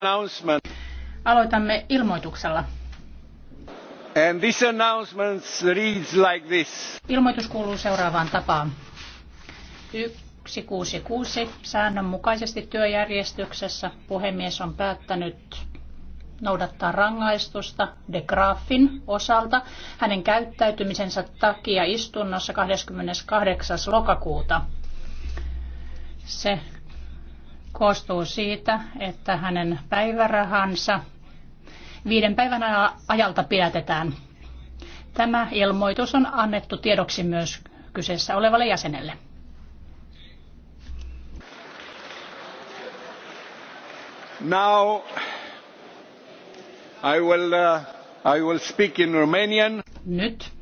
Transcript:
announcement. Aloitamme ilmoituksella. And this announcement reads like this. Ilmoitus kuuluu seuraavaan tapaan. 166 säännönmukaisesti työjärjestyksessä puhemies on päättänyt noudattaa rangaistusta de Graafin osalta hänen käyttäytymisensä takia istunnossa 28. lokakuuta. Se koostuu siitä, että hänen päivärahansa viiden päivän ajalta pidätetään. Tämä ilmoitus on annettu tiedoksi myös kyseessä olevalle jäsenelle. Now I will, uh, I will speak in Romanian. Nyt